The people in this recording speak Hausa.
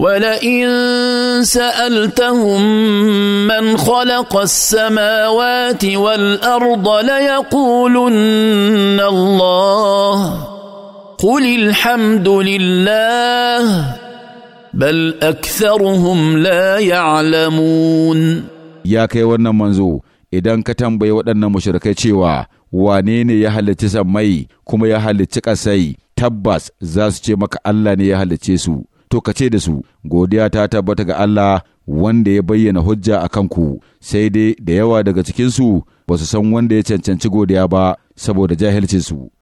ولئن سالتهم من خلق السماوات والارض ليقولن الله قل الحمد لله بل اكثرهم لا يعلمون يا كي wannan manzo idan ka tambayi waɗannan mushrikai cewa wane ne ya halicci sammai kuma ya halicci ƙasai tabbas za su ce maka Allah ne ya halicce su to ka ce da su godiya ta tabbata ga Allah wanda ya bayyana hujja a kanku sai dai da yawa daga cikinsu ba su san wanda ya cancanci godiya ba saboda jahilcinsu.